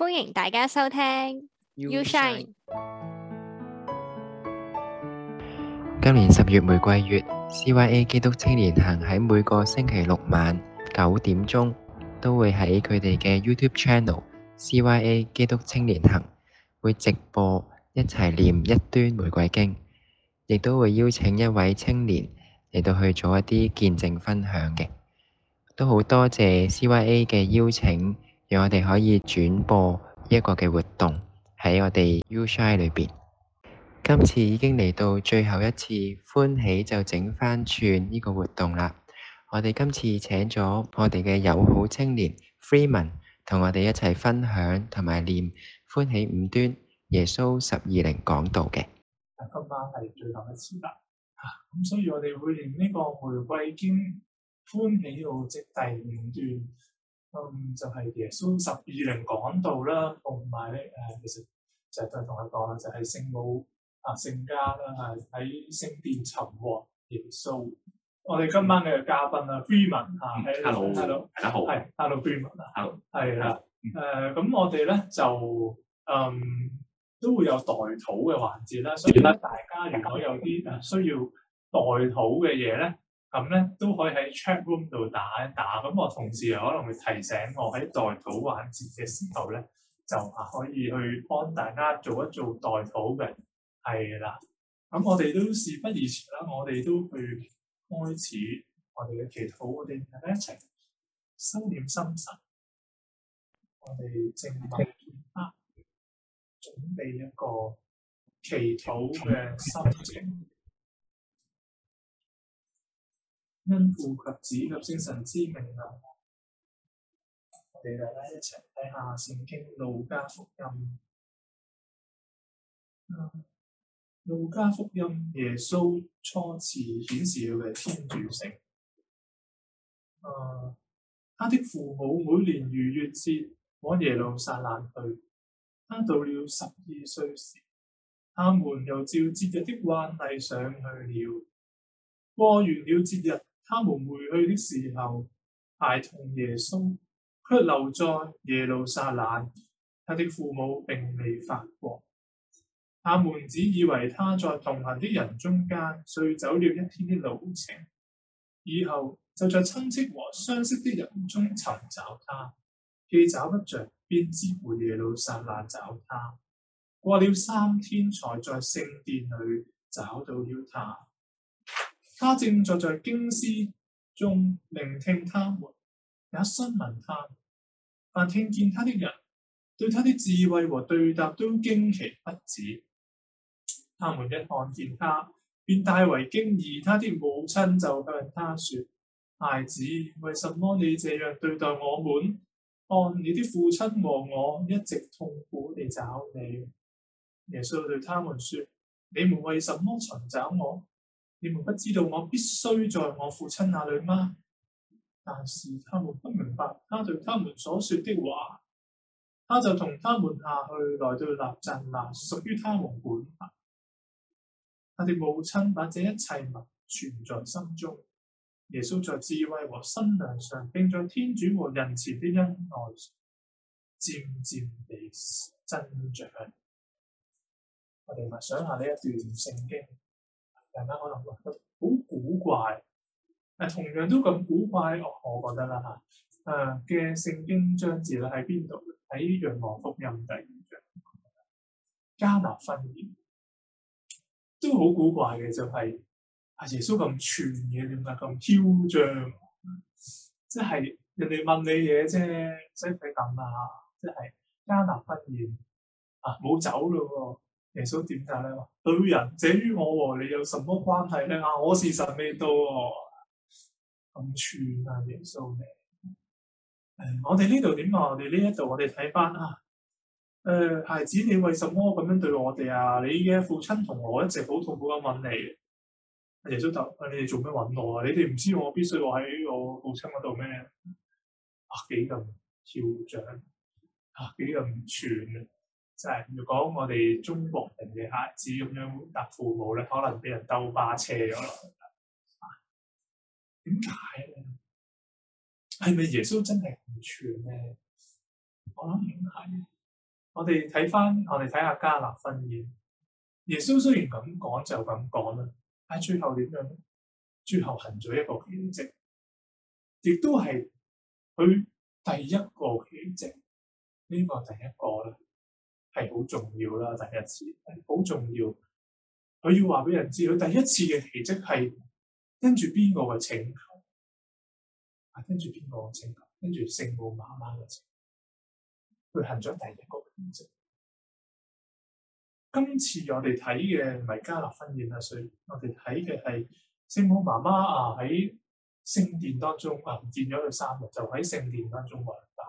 歡迎大家收聽。You Shine。今年十月玫瑰月，CYA 基督青年行喺每個星期六晚九點鐘都會喺佢哋嘅 YouTube Channel CYA 基督青年行會直播一齊念一端玫瑰經，亦都會邀請一位青年嚟到去做一啲見證分享嘅。都好多謝 CYA 嘅邀請。讓我哋可以轉播一個嘅活動喺我哋 U Shine 裏邊。今次已經嚟到最後一次歡喜，就整翻串呢個活動啦。我哋今次請咗我哋嘅友好青年 Freeman 同我哋一齊分享同埋念歡喜五端耶穌十二齡講道嘅。今晚係最後一次啦，咁、啊、所以我哋會念呢個玫瑰經歡喜奧蹟第五端。嗯，就係、是、耶穌十二零講道啦，同埋咧誒，其實就再同佢講啦，就係、是、聖母啊，聖家啦，喺聖殿尋獲耶穌。我哋今晚嘅嘉賓 Freeman 啊，喺 hello，hello 係啦，好，係 hello Freeman 啊，hello 係啦，誒，咁我哋咧就嗯，uh, 就 um, 都會有代禱嘅環節啦，所以咧，大家如果家有啲誒需要代禱嘅嘢咧。咁咧、嗯、都可以喺 chat room 度打一打，咁、嗯、我同事又可能會提醒我喺代禱環節嘅時候咧，就可以去幫大家做一做代禱嘅，係啦。咁、嗯、我哋都事不宜遲啦，我哋都去開始我哋嘅祈禱，我哋大家一齊收斂心神，我哋靜靜啊，準備一個祈禱嘅心情。因父及子及聖神之名啊！我哋大家一齊睇下《聖經路加福音》路加福音》嗯、福音，耶穌初次顯示佢嘅天主性、嗯。他的父母每年逾越節往耶路撒冷去。他到了十二歲時，他們又照節日的慣例上去了。過完了節日。他們回去的時候，孩童耶穌，卻留在耶路撒冷。他的父母並未發覺，他們只以為他在同行的人中間，遂走了一天的路程。以後就在親戚和相識的人中尋找他，既找不着，便遂回耶路撒冷找他。過了三天，才在聖殿裏找到了他。他正坐在經師中聆聽他們，也詢問他們，但聽見他的人對他的智慧和對答都驚奇不止。他們一看見他，便大為驚異。他的母親就向他說：孩子，為什麼你這樣對待我們？看你的父親和我一直痛苦地找你。耶穌對他們說：你們為什麼尋找我？你們不知道我必須在我父親那、啊、裏嗎？但是他們不明白他對他們所說的話。他就同他們下去，來到立鎮那、啊、屬於他們管轄、啊。他哋母親把這一切物存在心中。耶穌在智慧和身量上，並在天主和人前的恩愛，漸漸地增長。我哋默想下呢一段聖經。係啦，可能會好古怪，誒， 同樣都咁古怪，我覺得啦嚇，誒、嗯、嘅聖經章節咧喺邊度？喺《約翰福音》第二章，迦拿婚宴都好古怪嘅，就係、是、阿耶穌咁全嘅點解咁囂張？即係、嗯、人哋問你嘢啫，使唔使咁啊？即係迦拿婚宴啊，冇走咯耶穌點解咧？女人，這於我和你有什麼關係咧？啊，我事實未到、哦，咁串啊！耶穌，誒、哎，我哋呢度點啊？我哋呢一度我哋睇翻啊，誒，孩子，你為什麼咁樣對我哋啊？你嘅父親同我一直好痛苦咁問你，耶穌就，你哋做咩揾我啊？你哋唔知我必須話喺我父親嗰度咩？啊，幾咁跳腳，啊，幾咁串嘅。即係，如果我哋中國人嘅孩子咁樣，答父母咧，可能俾人兜巴車咗落去。點解咧？係咪耶穌真係唔全咧？我諗係。我哋睇翻，我哋睇下加納婚宴。耶穌雖然咁講就咁講啦，但係最後點樣咧？最後行咗一個神蹟，亦都係佢第一個神蹟，呢個第一個啦。係好重要啦，第一次好重要。佢要話俾人知，佢第一次嘅奇蹟係跟住邊個嘅請求？啊，跟住邊個請求？跟住聖母媽媽嘅請求。佢行咗第一個奇蹟。今次我哋睇嘅唔係加納婚宴啦，所以我哋睇嘅係聖母媽媽啊，喺聖殿當中啊，唔見咗佢三日，就喺聖殿當中換衫。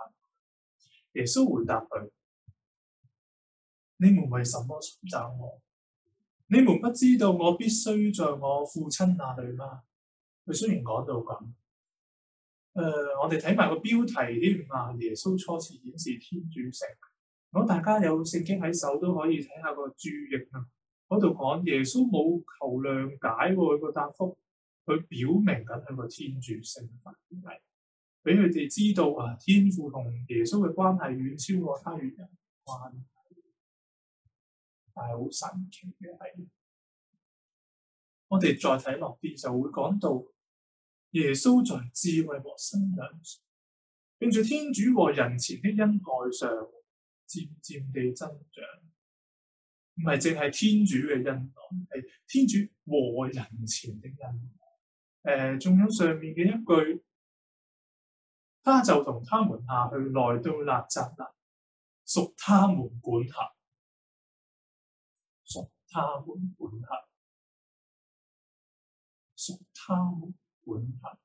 耶穌回答佢。你們為什麼尋找我？你們不知道我必須在我父親那、啊、裏嗎？佢雖然講到咁，誒、呃，我哋睇埋個標題添啊！耶穌初次顯示天主性。如果大家有聖經喺手，都可以睇下個註釋啊。嗰度講耶穌冇求諒解過，佢個答覆，佢表明緊佢個天主性大能，俾佢哋知道啊！天父同耶穌嘅關係遠超過他與人關係。好神奇嘅係，我哋再睇落啲就會講到耶穌在智慧和信仰，並住天主和人前的恩愛上，漸漸地增長。唔係淨係天主嘅恩愛，係天主和人前的恩愛。誒、呃，仲有上面嘅一句，他就同他們下去，來到納匝肋，屬他們管轄。他管管轄，屬他管轄。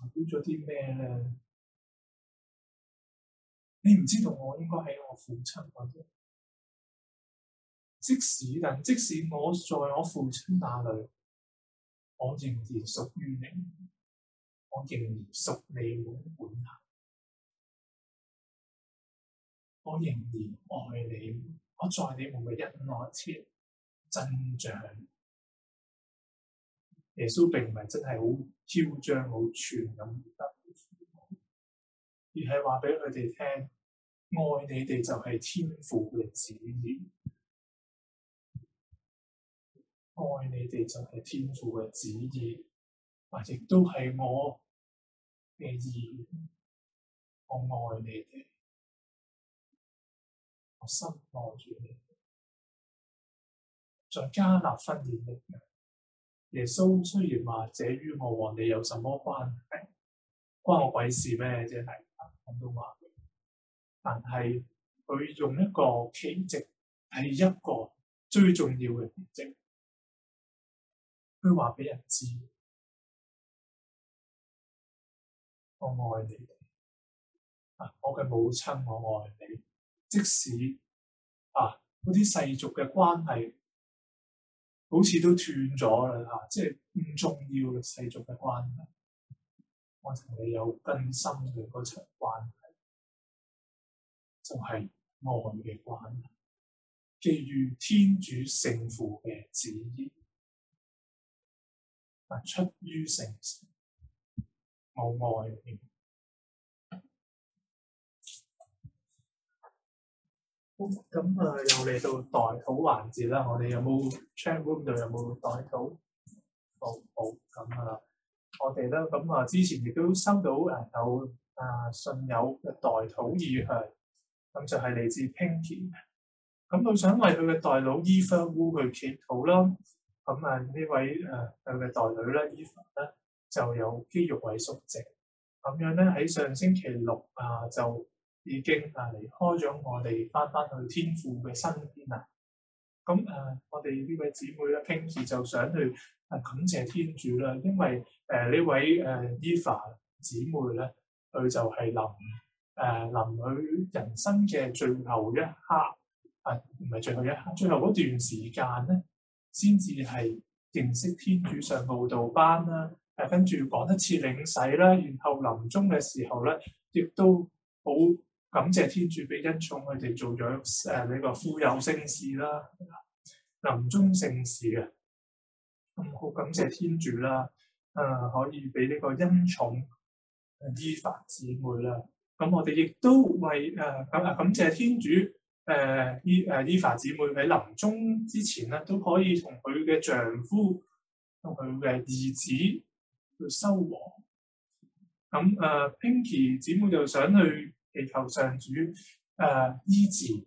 代表咗啲咩呢？你唔知道我應該喺我父親嗰邊。即使但即使我在我父親那裏，我仍然屬於你，我仍然屬你管管轄，我仍然愛你。我在你們嘅恩愛前增長，耶穌並唔係真係好囂張好全咁，而係話俾佢哋聽：愛你哋就係天父嘅旨意，愛你哋就係天父嘅旨意，啊！亦都係我嘅意。我愛你哋。我心愛住你，在加納婚宴入面，耶穌雖然話：這與我和你有什麼關係？關我鬼事咩？即係咁都話，但係佢用一個奇蹟，係一個最重要嘅奇蹟，佢話俾人知：我愛你。我嘅母親，我愛你。即使啊，嗰啲世俗嘅關係好似都斷咗啦嚇，即係唔重要嘅世俗嘅關係，我同你有更深嘅嗰層關係，就係、是、愛嘅關係，基於天主聖父嘅旨意，啊，出於誠誠愛愛咁啊、嗯，又嚟到代禱環節啦，我哋有冇 chat room 度有冇代禱報告咁啊？我哋咧，咁啊之前亦都收到誒有啊信友嘅代禱意向，咁就係嚟自 Pinky，咁佢想為佢嘅代佬 Eva Wu 去祈禱啦。咁啊呢位誒佢嘅代女咧 Eva 咧就有肌肉萎縮症，咁樣咧喺上星期六啊就～已經啊離開咗我哋，翻翻去天父嘅身邊啦。咁誒、呃，我哋呢位姊妹咧，平時就想去啊感謝天主啦，因為誒、呃呃、呢位誒 Eva 姊妹咧，佢就係臨誒臨佢人生嘅最後一刻啊，唔係最後一刻，最後嗰段時間咧，先至係認識天主上教道班啦。誒、啊，跟住講一次領洗啦，然後臨終嘅時候咧，亦都好。感謝天主俾恩寵，佢哋做咗誒呢個傅油聖事啦，臨終聖事嘅，咁好感謝天主啦，誒、啊、可以俾呢個恩寵伊、啊、法姊妹啦。咁、啊、我哋亦都為誒咁啊感謝天主誒伊誒伊法姊妹喺臨終之前咧、啊、都可以同佢嘅丈夫同佢嘅兒子去修和。咁、啊、誒 Pinky 姊妹就想去。祈求上主誒醫治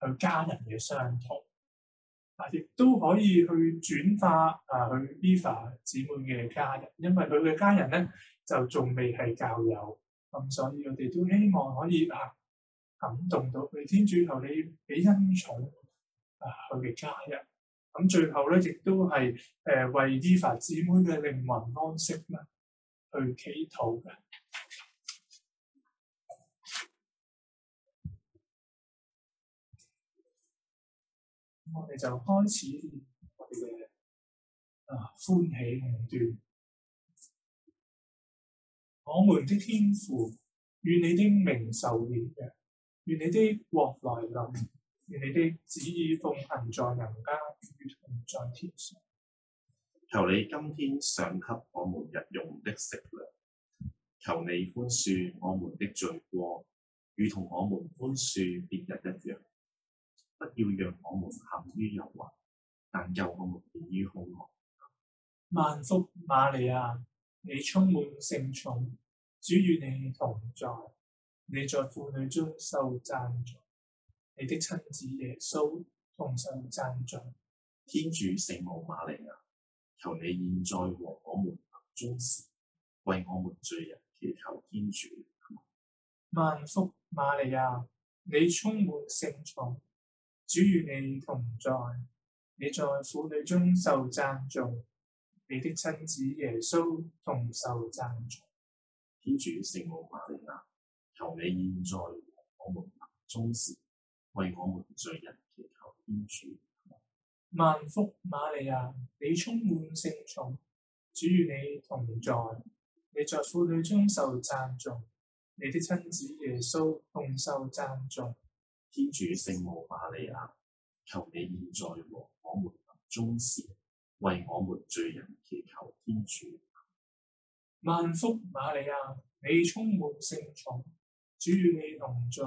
佢家人嘅傷痛，啊，亦都可以去轉化啊，去伊芙姊妹嘅家人，因為佢嘅家人咧就仲未係教友，咁、啊、所以我哋都希望可以啊感動到佢，天主求你俾恩寵啊，佢嘅家人，咁、啊、最後咧亦都係誒、呃、為伊芙姊妹嘅靈魂安息咧去祈禱嘅。我哋就開始我哋嘅、啊、歡喜無端，我們的天父，願你的名受榮耀，願你的國來臨，願你的旨意奉行在人間，如同在天上。求你今天賞給我們日用的食糧，求你寬恕我們的罪過，如同我們寬恕別人一樣。不要讓我們陷於誘惑，但救我們免於兇惡。萬福瑪利亞，你充滿聖寵，主與你同在，你在婦女中受讚頌，你的親子耶穌同受讚頌。天主聖母瑪利亞，求你現在和我們臨終時，為我們罪人祈求天主。萬福瑪利亞，你充滿聖寵。主與你同在，你在婦女中受讚頌。你的親子耶穌同受讚頌。天主聖母瑪利亞，求你現在和我們臨終時為我們罪人祈求天主。萬福瑪利亞，你充滿聖寵，主與你同在，你在婦女中受讚頌。你的親子耶穌同受讚頌。天主聖母瑪利亞，求你現在和我們臨終時，為我們罪人祈求天主。萬福瑪利亞，你充滿聖寵，主與你同在，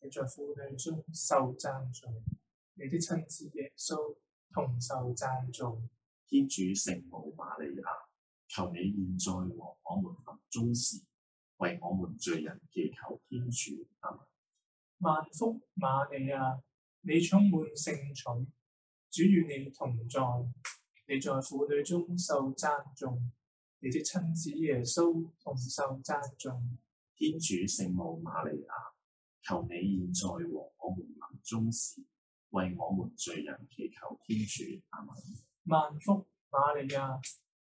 你在婦女中受讚頌，你的親子耶穌同受讚頌。天主聖母瑪利亞，求你現在和我們臨終時，為我們罪人祈求天主。萬福瑪利亞，你充滿聖寵，主與你同在，你在婦女中受讚頌，你的親子耶穌同受讚頌。天主聖母瑪利亞，求你現在和我們臨終時，為我們罪人祈求天主，阿們。萬福瑪利亞，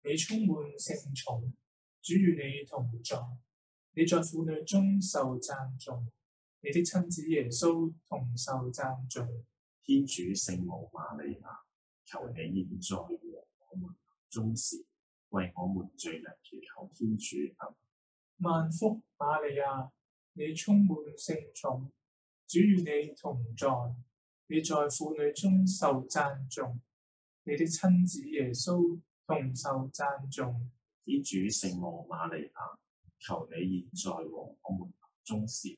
你充滿聖寵，主與你同在，你在婦女中受讚頌。你的親子耶穌同受讚頌，天主聖母瑪利亞，求你現在和我們臨終時，為我們罪人祈求天主。萬福瑪利亞，你充滿聖寵，主與你同在，你在婦女中受讚頌，你的親子耶穌同受讚頌，天主聖母瑪利亞，求你現在和我們臨終時。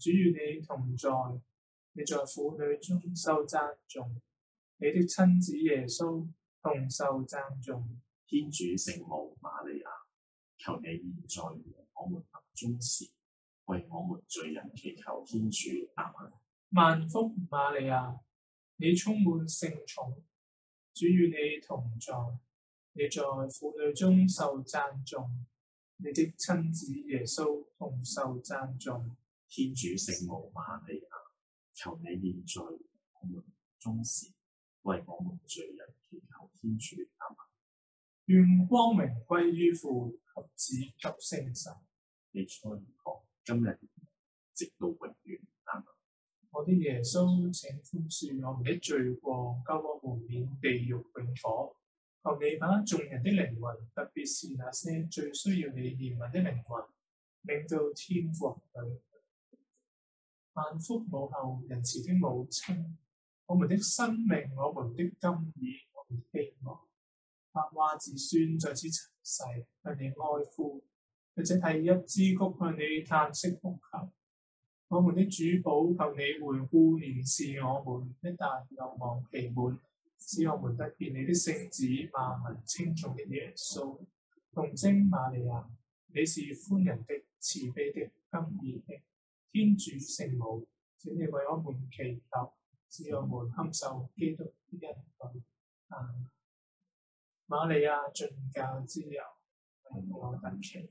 主與你同在，你在婦女中受讚頌，你的親子耶穌同受讚頌。天主聖母瑪利亞，求你現在我們臨終時，為我們罪人祈求天主。阿們。萬福瑪利亞，你充滿聖寵，主與你同在，你在婦女中受讚頌，你的親子耶穌同受讚頌。天主聖母，瑪利亞，求你現在我們終時，為我們罪人祈求天主，係嘛？願光明歸於父及子及聖神。你再如何，今日直到永遠。我的耶穌，請寬恕我哋的罪過，救我免地獄永火。求你把眾人的靈魂，特別是那些最需要你憐憫的靈魂，領到天國裏。萬福母后，仁慈的母親，我們的生命，我們的金意，我們的希望。白話子孫在此塵世向你哀呼，或者係一支菊，向你嘆息哀求。我們的主保，求你回顧憐視我們，一旦流亡期滿，使我們得見你的聖子，萬民稱頌嘅耶穌，童貞瑪利亞，你是寬仁的、慈悲的、金意的。天主聖母，請你為我們祈求，使我們堪受基督的恩寵。啊，瑪利亞進教之佑，我等祈，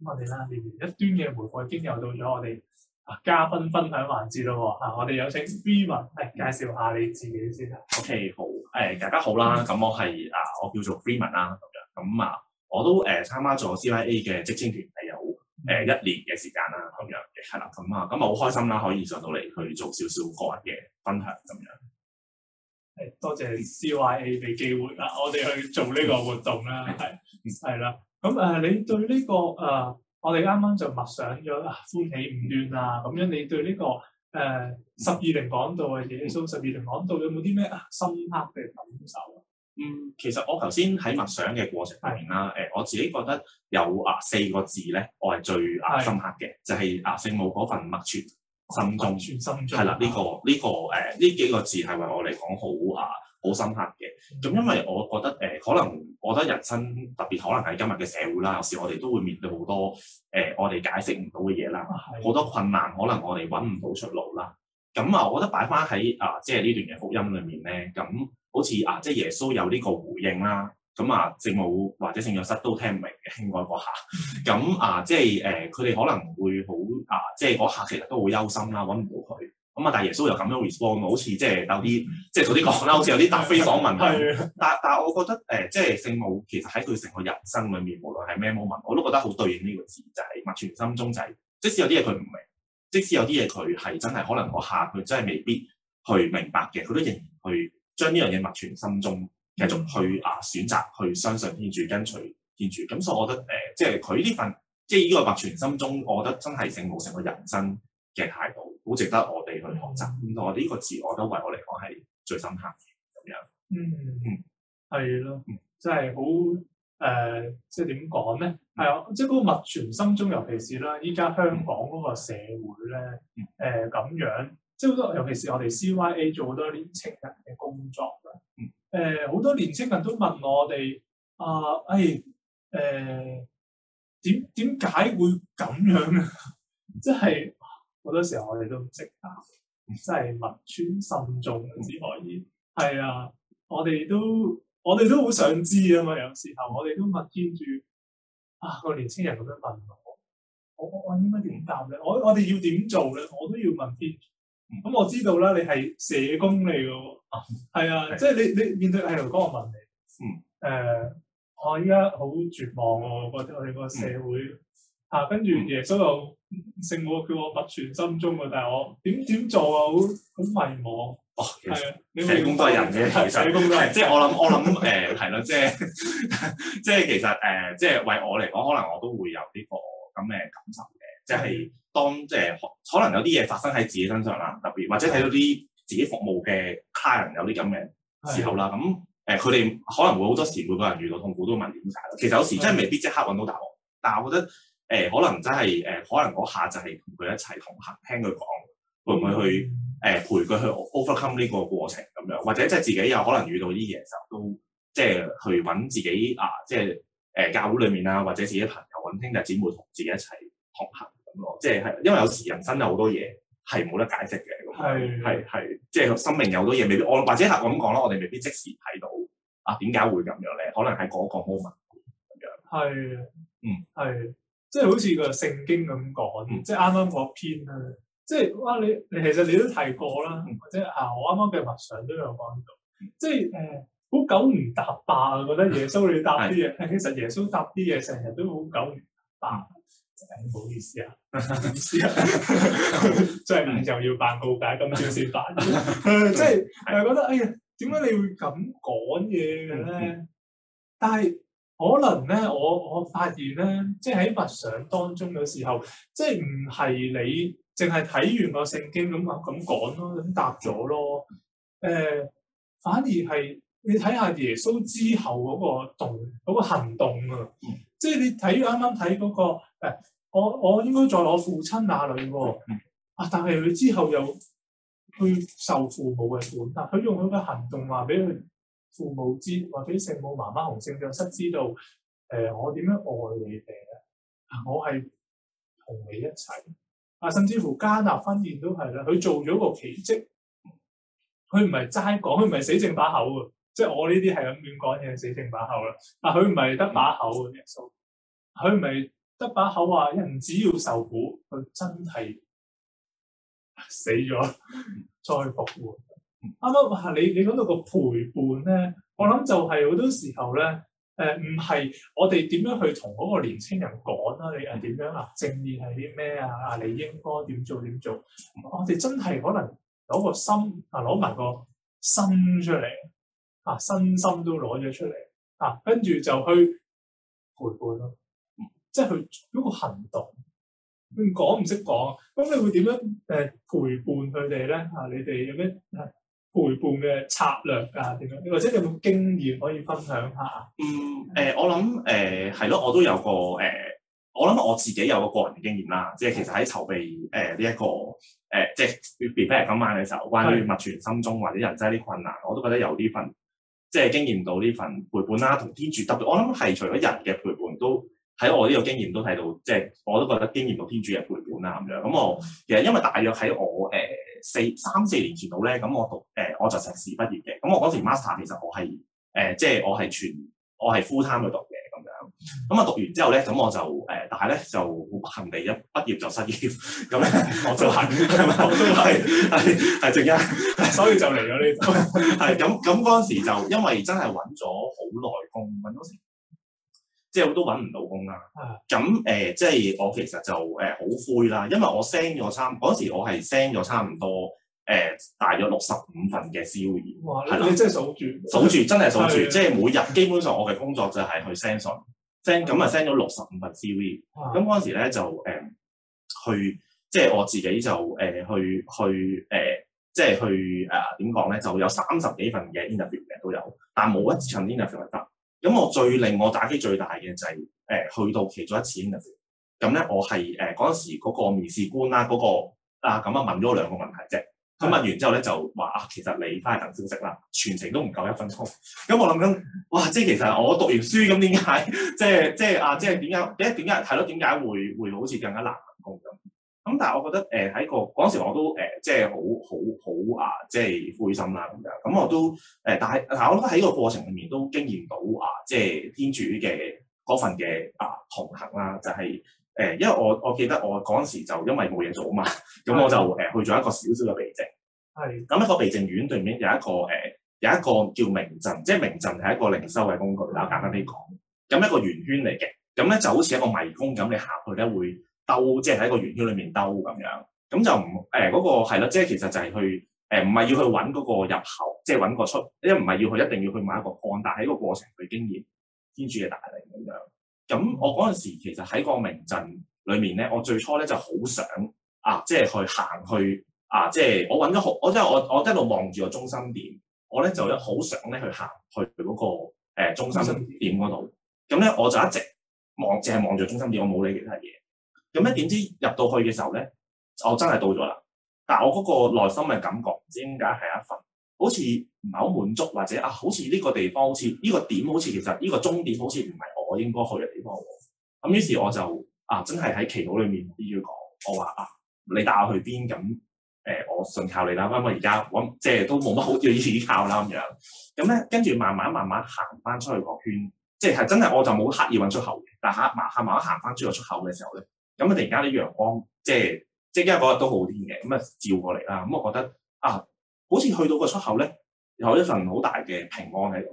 我哋啦，連一端嘅玫瑰經又到咗我哋啊嘉賓分享環節啦喎，我哋有請 Freeman 嚟介紹下你自己先啊。OK，好，誒，大家好啦，咁我係啊，我叫做 Freeman 啦。咁啊，嗯、我都誒參加咗 CIA 嘅職青團，係有誒一年嘅時間啦，咁、嗯、樣嘅係啦，咁啊，咁啊好開心啦，可以上到嚟去做少少個人嘅分享咁樣。誒，多謝 CIA 俾機會啊， 我哋去做呢個活動啦，係係啦。咁誒，你對呢、這個誒、呃，我哋啱啱就默想咗歡喜五端啊，咁樣你對呢、這個誒十二齡講道嘅耶穌，十二齡講道， 有冇啲咩深刻嘅感受？嗯，其實我頭先喺默想嘅過程入面啦，誒、嗯，我自己覺得有啊四個字咧，我係最啊深刻嘅，是就係、是、啊聖母嗰份默存、嗯、心中，係啦，呢、這個呢、這個誒呢、uh, 幾個字係為我嚟講好啊好深刻嘅。咁、嗯、因為我覺得誒，uh, 可能我覺得人生特別，可能喺今日嘅社會啦，有時我哋都會面對好多誒，uh, 我哋解釋唔到嘅嘢啦，好、嗯、多困難，可能我哋搵唔到出路啦。咁啊的，嗯、我覺得擺返喺啊即係呢段嘅福音裏面咧，咁。好似啊，啊，即係耶穌有呢個回應啦，咁啊聖母或者聖約瑟都聽唔明嘅，聽我嗰下，咁啊即係誒，佢哋可能會好啊，即係嗰下其實都好憂心啦，搵唔到佢，咁啊但係耶穌又咁樣 respond 好似即係有啲即係早啲講啦，好似有啲答、嗯、非所問，但但我覺得誒、呃，即係聖母其實喺佢成個人生裏面，無論係咩 moment，我都覺得好對應呢個字就係默存心中就係、是，即使有啲嘢佢唔明，即使有啲嘢佢係真係可能嗰下佢真係未必去明白嘅，佢都仍然去。將呢樣嘢默存心中，繼續去啊選擇，去相信天主，跟隨天主。咁所以我覺得誒、呃，即係佢呢份，即係呢個默存心中，我覺得真係聖母成個人生嘅態度，好值得我哋去學習。原來呢個字我都為我嚟講係最深刻咁樣。嗯嗯嗯，係咯，真係好誒，即係點講咧？係啊，即係嗰個默存心中，尤其是啦，依家香港嗰個社會咧，誒咁、嗯嗯呃、樣。即係好多，尤其是我哋 C.Y.A. 做好多年青人嘅工作啦。誒、呃，好多年青人都問我哋啊，誒、哎，誒、呃、點點解會咁樣啊？即係好多時候，我哋都唔識答，即係物轉甚重，只可以係啊？我哋都我哋都好想知啊嘛！有時候我哋都問天住啊，個年青人咁樣問我，我我應該點答咧？我我哋要點做咧？我都要問天。咁我知道啦，你係社工嚟嘅。係啊，即係你你面對係劉哥，個問題，嗯，誒，我依家好絕望喎，覺得我哋個社會，吓，跟住耶穌又勝過我叫我默存心中啊，但係我點點做啊，好好迷茫。哦，社工都係人嘅。其實，即係我諗我諗誒，係咯，即係即係其實誒，即係為我嚟講，可能我都會有呢個咁嘅感受。即係當即係可能有啲嘢發生喺自己身上啦，特別或者睇到啲自己服務嘅 client 有啲咁嘅時候啦，咁誒佢哋可能會好多時每個人遇到痛苦都問點解？其實有時真係未必即刻揾到答案，但係我覺得誒、呃、可能真係誒可能嗰下就係同佢一齊同行，聽佢講，會唔會去誒、呃、陪佢去 overcome 呢個過程咁樣？或者即係自己有可能遇到啲嘢嘅時候，都即係去揾自己啊、呃，即係誒、呃、教會裏面啊，或者自己朋友揾兄弟姊妹同自己一齊同行。即係，因為有時人生有好多嘢係冇得解釋嘅，咁係係係，即係生命有好多嘢未必，我或者客咁講啦，我哋未必即時睇到啊，點解會咁樣咧？可能係嗰個 moment 咁樣，係啊，嗯，係，即係好似個聖經咁講、嗯，即係啱啱嗰篇啦，即係哇，你你其實你都提過啦，或者啊，我啱啱嘅默想都有講到，即係誒，好九唔搭八，我覺得耶穌你搭啲嘢，其實耶穌搭啲嘢成日都好九唔搭。嗯唔、哎、好意思啊，唔好意思啊，即係五就要辦告解，今朝先辦。即係，係覺得，哎呀，點解你會咁講嘢嘅咧？嗯、但係可能咧，我我發現咧，即係喺默想當中嘅時候，即係唔係你淨係睇完個聖經咁咁講咯，咁答咗咯。誒、呃，反而係你睇下耶穌之後嗰個動，嗰個行動啊。嗯即係你睇，啱啱睇嗰個誒、哎，我我應該在我父親那裏喎。啊，但係佢之後又去受父母嘅管束，佢、啊、用佢嘅行動話俾佢父母知，或者聖母媽媽同聖約瑟知道，誒、呃，我點樣愛你哋咧、啊？我係同你一齊。啊，甚至乎加納婚宴都係啦，佢做咗個奇跡，佢唔係齋講，佢唔係死剩把口啊。即係我呢啲係咁亂講嘢，死性把口啦！但佢唔係得把口嘅耶穌，佢唔係得把口話人只要受苦，佢真係死咗再復活。啱啱話你你講到個陪伴咧，我諗就係好多時候咧，誒唔係我哋點樣去同嗰個年青人講啦？你係點樣啊？正義係啲咩啊？啊你應該點做點做？我哋真係可能攞個心啊，攞埋個心出嚟。啊，身心都攞咗出嚟，啊，跟住就去陪伴咯，嗯、即係佢嗰個行動，佢、嗯、講唔識講，咁你會點樣誒陪伴佢哋咧？嚇，你哋有咩陪伴嘅策略啊？點樣？或者你有冇經驗可以分享下？嗯，誒、呃，我諗誒係咯，我都有個誒、呃，我諗我自己有個個人嘅經驗啦，即係其實喺籌備誒呢一個誒、呃，即係 before 的今晚嘅時候，關於物存心中或者人生啲困難，我都覺得有啲份。即係經驗到呢份陪伴啦，同天主特別，我諗係除咗人嘅陪伴，都喺我呢個經驗都睇到，即係我都覺得經驗到天主嘅陪伴啦咁。咁我其實因為大約喺我誒四三四年前度咧，咁我讀誒我就實時畢業嘅，咁我嗰時 master 其實我係誒即係我係全我係 full time 去讀嘅。咁啊，讀完之後咧，咁我就誒、哎，但係咧就不幸地一畢業就失業，咁 咧我就係係咪？我都係係係正嘅，所以就嚟咗呢度係。咁咁嗰陣時就因為真係搵咗好耐工，搵到即係都搵唔到工啦。咁誒， 即、呃、係、就是、我其實就誒好灰啦，因為我 send 咗差嗰時我係 send 咗差唔多誒、呃，大約六十五份嘅資料。哇！你真係數住數住，真係數住，即係對每日基本上我嘅工作就係去 send 信。咁啊 send 咗六十五份 CV，咁嗰陣時咧就誒去即係我自己就誒去去誒、呃、即係去誒點講咧，就有三十幾份嘅 interview 嘅都有，但冇一次場 interview 得。咁我最令我打擊最大嘅就係、是、誒去到其中一次 interview，咁咧我係誒嗰陣時嗰個面試官啦，嗰、那個啊咁啊問咗兩個問題啫。佢問完之後咧就話啊，其實你翻去等消息啦，全程都唔夠一分鐘。咁我諗緊，哇！即係其實我讀完書咁，點解即係即係啊？即係點解？誒點解係咯？點解會會好似更加難行工咁？咁但係我覺得誒喺個嗰陣時我都誒即係好好好啊，即係灰心啦咁樣。咁我都誒、呃，但係嗱，我都喺個過程裏面都經驗到啊，即係天主嘅嗰份嘅啊同行啦，就係。誒，因為我我記得我嗰陣時就因為冇嘢做啊嘛，咁的我就誒去咗一個少少嘅避靜。係的。咁一個避靜院對面有一個誒有一個叫明鎮，即係明鎮係一個靈修嘅工具，我簡單啲講。咁一個圓圈嚟嘅，咁咧就好似一個迷宮咁，你行去咧會兜，即係喺個圓圈裡面兜咁樣。咁就唔誒嗰個係咯，即係其實就係去誒唔係要去揾嗰個入口，即係揾個出，因為唔係要去一定要去揾一個擴大喺個過程嘅經驗，天主嘅大能咁樣。咁我嗰陣時其實喺個名鎮裏面咧，我最初咧就好想啊，即係去行去啊，即係我揾咗好，我即係我我一路望住個中心點，我咧就好想咧去行去嗰個誒中心點嗰度。咁咧我就一直望，淨係望住中心點，我冇理其他嘢。咁咧點知入到去嘅時候咧，我真係到咗啦。但係我嗰個內心嘅感覺唔知點解係一份好似。唔係好滿足，或者啊，好似呢個地方，好似呢個點好，這個、點好似其實呢個終點，好似唔係我應該去嘅地方。咁於是我就啊，真係喺祈禱裏面都要講，我話啊，你帶我去邊？咁、嗯、誒，我信靠你啦。咁我而家揾，即係都冇乜好嘅依靠啦。咁樣咁咧，跟、嗯、住慢慢慢慢行翻出去個圈，即係係真係我就冇刻意揾出口。但下慢慢慢行翻出去出口嘅時候咧，咁、嗯、啊突然間啲陽光，即係即係嗰日都好天嘅，咁啊照過嚟啦。咁、嗯、我覺得啊，好似去到個出口咧。有一份好大嘅平安喺度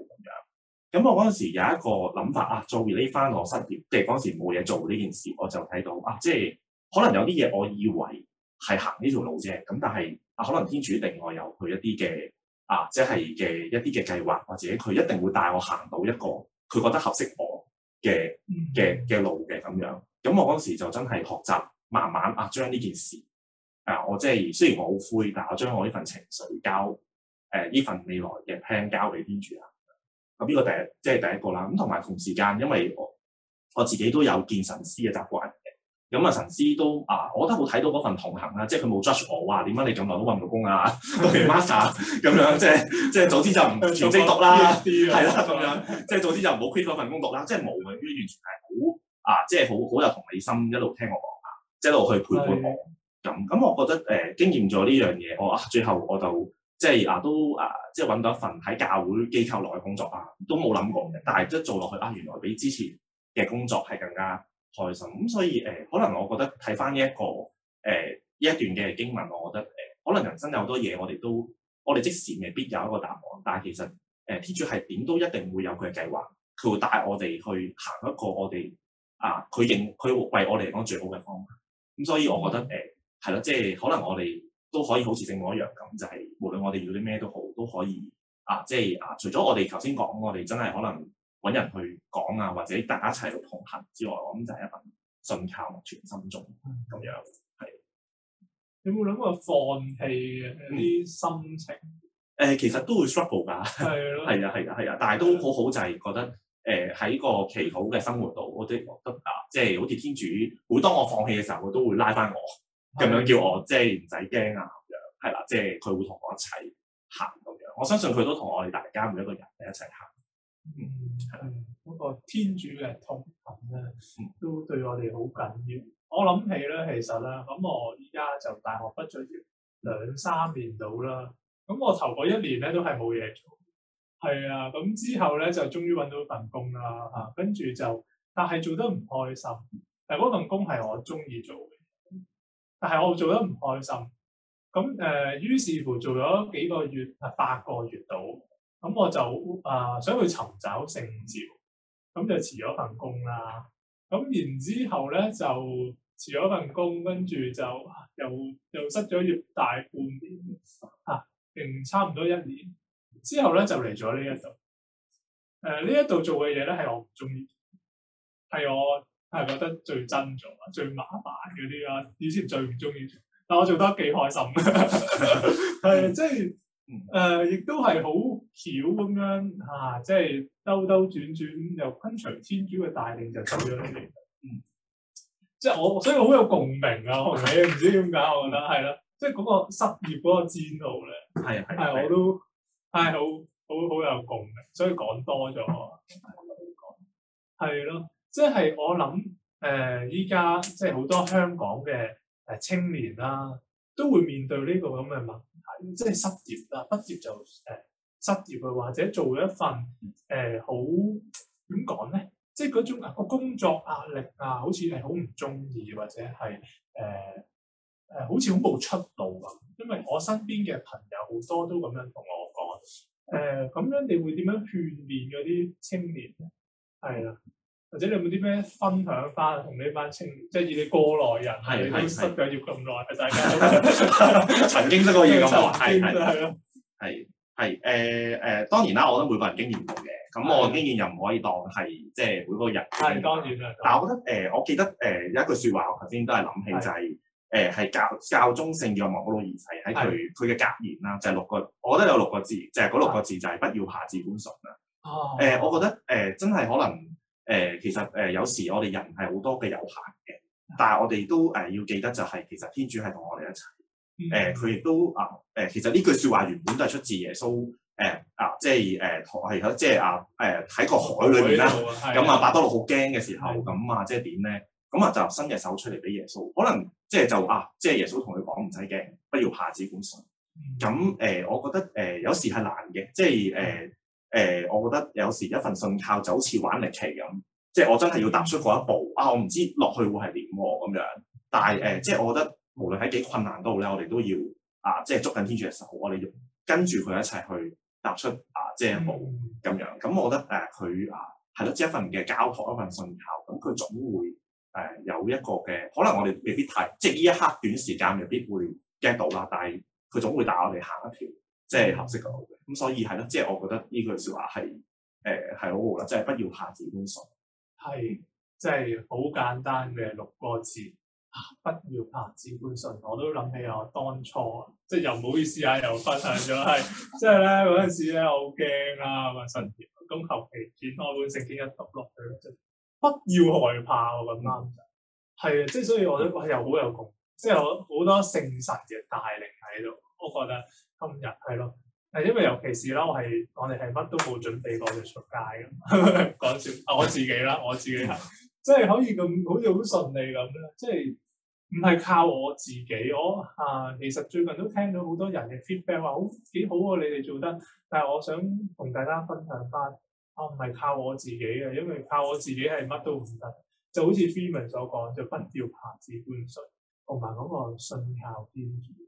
咁樣，咁我嗰陣時有一個諗法啊，做完呢番我失業，即係嗰陣時冇嘢做呢件事，我就睇到啊，即係可能有啲嘢我以為係行呢條路啫，咁但係啊，可能天主定我有佢一啲嘅啊，即係嘅一啲嘅計劃，或者佢一定會帶我行到一個佢覺得合適我嘅嘅嘅路嘅咁樣。咁我嗰陣時就真係學習慢慢啊，將呢件事啊，我即係雖然我好灰，但我將我呢份情緒交。誒呢份未來嘅 plan 交俾邊處啊？咁呢個第一，即係第一個啦。咁同埋同時間，因為我我自己都有見神師嘅習慣。咁啊，神師都啊，我都冇睇到嗰份同行啊，即係佢冇 judge 我話點解你咁耐都揾唔到工啊？都係 master 咁樣，即係即係早知就唔全職讀啦，係咯咁樣。嗯、即係早知就唔好 quit 咗份工讀啦。即係冇嘅，呢完全係好啊，即係好好有同理心，一路聽我講，即係一路去陪伴我。咁咁是、嗯，我覺得誒經驗咗呢樣嘢，我啊最後我就。即係啊，都啊，即係揾到一份喺教會機構內嘅工作啊，都冇諗過嘅。但係一做落去啊，原來比之前嘅工作係更加開心。咁所以誒、呃，可能我覺得睇返呢一個誒呢、呃、一段嘅經文，我覺得誒、呃，可能人生有好多嘢，我哋都我哋即時未必有一個答案。但係其實誒、呃，天主係點都一定會有佢嘅計劃，佢會帶我哋去行一個我哋啊，佢、呃、認佢為我哋講最好嘅方法。咁所以我覺得誒係啦，即係可能我哋。都可以好似正我一樣咁，就係、是、無論我哋要啲咩都好，都可以啊！即係啊，除咗我哋頭先講，我哋真係可能揾人去講啊，或者大家一齊去同行之外，我諗就係一份信靠全心中咁樣係。有冇諗過放棄啲、嗯、心情？誒、呃，其實都會 struggle 㗎，係咯， 係啊，係啊，係啊，但係都好好的就係覺得誒喺、呃、個祈禱嘅生活度，我覺得啊，即係好似天主，每當我放棄嘅時候，佢都會拉翻我。咁樣叫我即係唔使驚啊咁樣，係啦，即係佢會同我一齊行咁樣。我相信佢都同我哋大家每一個人一齊行、嗯。嗯，嗰、嗰個天主嘅痛恨咧，都對我哋好緊要。我諗起咧，其實咧，咁我依家就大學畢咗業兩三年到啦。咁我頭嗰一年咧都係冇嘢做。係啊，咁之後咧就終於揾到份工啦嚇，跟住就，但係做得唔開心。但嗰份工係我中意做。但係我做得唔開心，咁誒於是乎做咗幾個月，係八個月到，咁我就啊、呃、想去尋找聖召，咁就辭咗份工啦。咁然之後咧就辭咗份工，跟住就又又失咗業大半年，嚇、啊，定差唔多一年。之後咧就嚟咗呢一度，誒呢一度做嘅嘢咧係我唔中意，係我。係覺得最真做最麻煩嗰啲啦，以前最唔中意，做，但我做得幾開心呵呵。係即係誒，亦都係好巧咁樣吓，即係兜兜轉轉，又昆腸天主嘅帶領就走咗呢邊。嗯，即係我所以我好有共鳴啊，同你唔知點解，我覺得係啦，即係嗰個失業嗰個煎熬咧，係係係我都係好好好有共鳴，所以講多咗，係咯。即係我諗，誒、呃，依家即係好多香港嘅誒青年啦、啊，都會面對呢個咁嘅問題，即係失業啦，畢業就誒、呃、失業啊，或者做咗一份誒、呃、好點講咧，即係嗰種個、呃、工作壓力啊，好似係好唔中意，或者係誒誒，好似好冇出路咁。因為我身邊嘅朋友好多都咁樣同我講，誒、呃，咁樣你會點樣勸勉嗰啲青年咧？係啦。或者你有冇啲咩分享翻同呢班青，即係以你過來人，係係係，失業咁耐，大家曾經失過嘢咁耐，係咯係係誒，誒，當然啦，我覺得每個人經驗唔同嘅，咁我嘅經驗又唔可以當係即係每個人係當然啦。但係我覺得誒，我記得誒有一句説話，我頭先都係諗起，就係誒係教教宗若望保祿二世喺佢佢嘅格言啦，就係六個，我覺得有六個字，就係嗰六個字就係不要下至官順啦。哦，誒，我覺得誒真係可能。誒，其實誒有時我哋人係好多嘅有限嘅，但係我哋都誒要記得就係其實天主係同我哋一齊。誒，佢亦都啊誒，其實呢句説話原本都係出自耶穌誒啊，即係誒係喺即係啊誒喺個海裏面啦。咁啊，伯多祿好驚嘅時候咁啊，即係點咧？咁啊就伸隻手出嚟俾耶穌。可能即係就啊，即係耶穌同佢講唔使驚，不要怕，只管信。咁誒，我覺得誒有時係難嘅，即係誒。誒、呃，我覺得有時一份信靠就好似玩連奇咁，即係我真係要踏出嗰一步啊、哦！我唔知落去會係點喎咁樣。但係誒、呃，即係我覺得無論喺幾困難都好咧，我哋都要啊，即係捉緊天主嘅手，我哋要跟住佢一齊去踏出啊，即係一步咁樣。咁、嗯、我覺得誒，佢、呃、啊係咯，即、就是、一份嘅交託，一份信靠，咁佢總會誒、呃、有一個嘅，可能我哋未必太即係呢一刻短時間未必會 get 到啦，但係佢總會帶我哋行一條。即係合適嘅，咁所以係咯，即係我覺得呢句説話係誒係好好啦，即係不要怕自本信，係即係好簡單嘅六個字啊！不要怕自本信，我都諗起我當初即係又唔好意思啊，又分享咗係， 即係咧嗰陣時咧、啊，好驚啦，咁神咁後期見我本聖經一讀落去咧，就不要害怕，咁啱就係即係所以我都又好有共，即係我好多聖神嘅大力喺度，我覺得。今日係咯，係因為尤其是啦，我係我哋係乜都冇準備過就出街嘅，講笑。我自己啦，我自己即係 可以咁，好似好順利咁咧，即係唔係靠我自己。我啊，其實最近都聽到好多人嘅 feedback 話好幾好啊，你哋做得。但係我想同大家分享翻，我唔係靠我自己嘅，因為靠我自己係乜都唔得。就好似 Fiona 所講，就不掉牌子搬術，同埋嗰個信靠天主。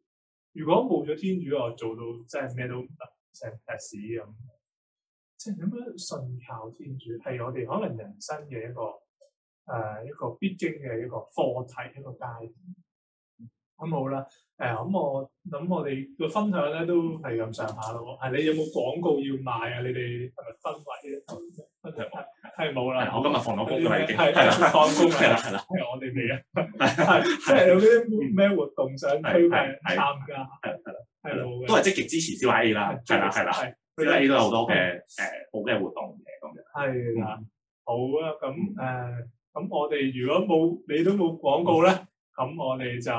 如果冇咗天主，我做到真係咩都唔得，成劈屎咁。即係咁樣信靠天主，係我哋可能人生嘅一個誒、呃、一個必經嘅一個課題、一個階段。咁、嗯嗯嗯、好啦，誒、嗯、咁我諗、嗯、我哋個分享咧都係咁上下咯。係你有冇廣告要賣啊？你哋係咪分位咧？ 係冇啦，我今日放咗工噶啦已經，係啦，放工係啦係啦，我哋未啊，係係有啲咩活動想參加，係啦係啦係啦，都係積極支持 CIA 啦，係啦係啦，CIA 都好多嘅誒好嘅活動嘅咁樣，係啦好啊，咁誒咁我哋如果冇你都冇廣告咧。咁我哋就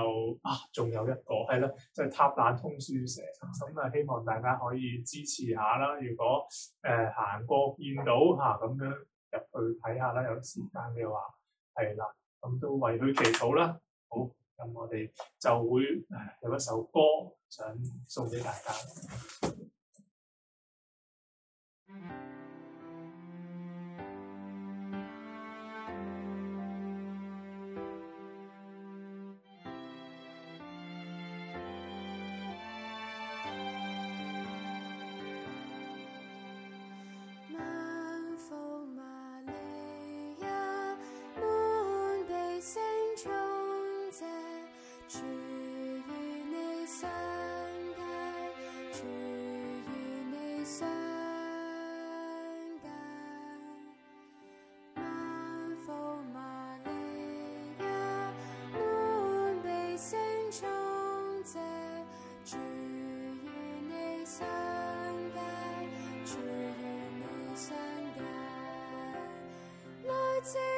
啊，仲有一個係啦，即係、就是、塔蘭通書社，咁啊希望大家可以支持下啦。如果誒行、呃、過見到吓，咁、啊、樣入去睇下啦，有時間嘅話係啦，咁都為佢祈禱啦。好，咁我哋就會唉有一首歌想送俾大家。嗯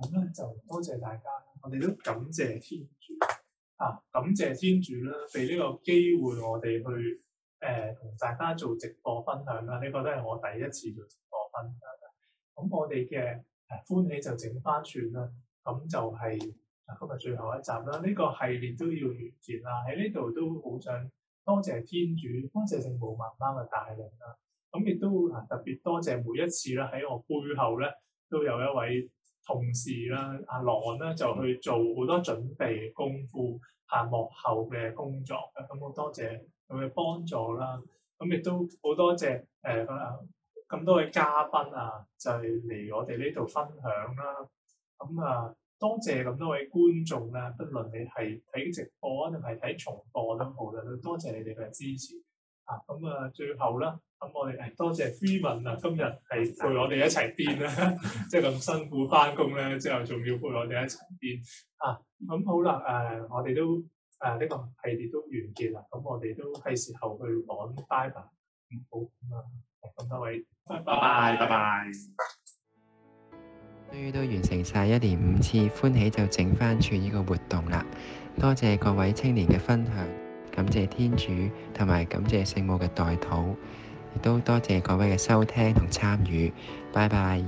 咁咧就多謝大家，我哋都感謝天主啊，感謝天主啦，俾呢個機會我哋去誒同、呃、大家做直播分享啦。呢、這個都係我第一次做直播分享啦。咁我哋嘅歡喜就整翻轉啦。咁就係、是啊、今日最後一集啦。呢、這個系列都要完結啦。喺呢度都好想多謝天主，多謝聖母媽媽嘅帶領啦。咁亦都啊特別多謝每一次咧喺我背後咧都有一位。同事啦，阿羅咧就去做好多準備功夫，下、嗯、幕後嘅工作，咁好多謝佢嘅幫助啦。咁亦都好多謝誒咁、呃、多位嘉賓啊，就係、是、嚟我哋呢度分享啦。咁啊，多謝咁多位觀眾啦，不論你係睇直播啊，定係睇重播都好啦，多謝你哋嘅支持。咁啊，最後啦，咁我哋誒多謝 Vivin、e、啊，今日係陪我哋一齊編啦，即係咁辛苦返工咧，之後仲要陪我哋一齊編啊，咁、嗯、好啦，誒、啊，我哋都誒呢、啊這個系列都完結啦，咁、嗯、我哋都係時候去講 bye bye，好啊，咁多位，拜拜，嗯嗯、拜拜，終於都完成晒一年五次，歡喜就整返住呢個活動啦，多謝各位青年嘅分享。感謝天主，同埋感謝聖母嘅代禱，亦都多謝各位嘅收聽同參與。拜拜。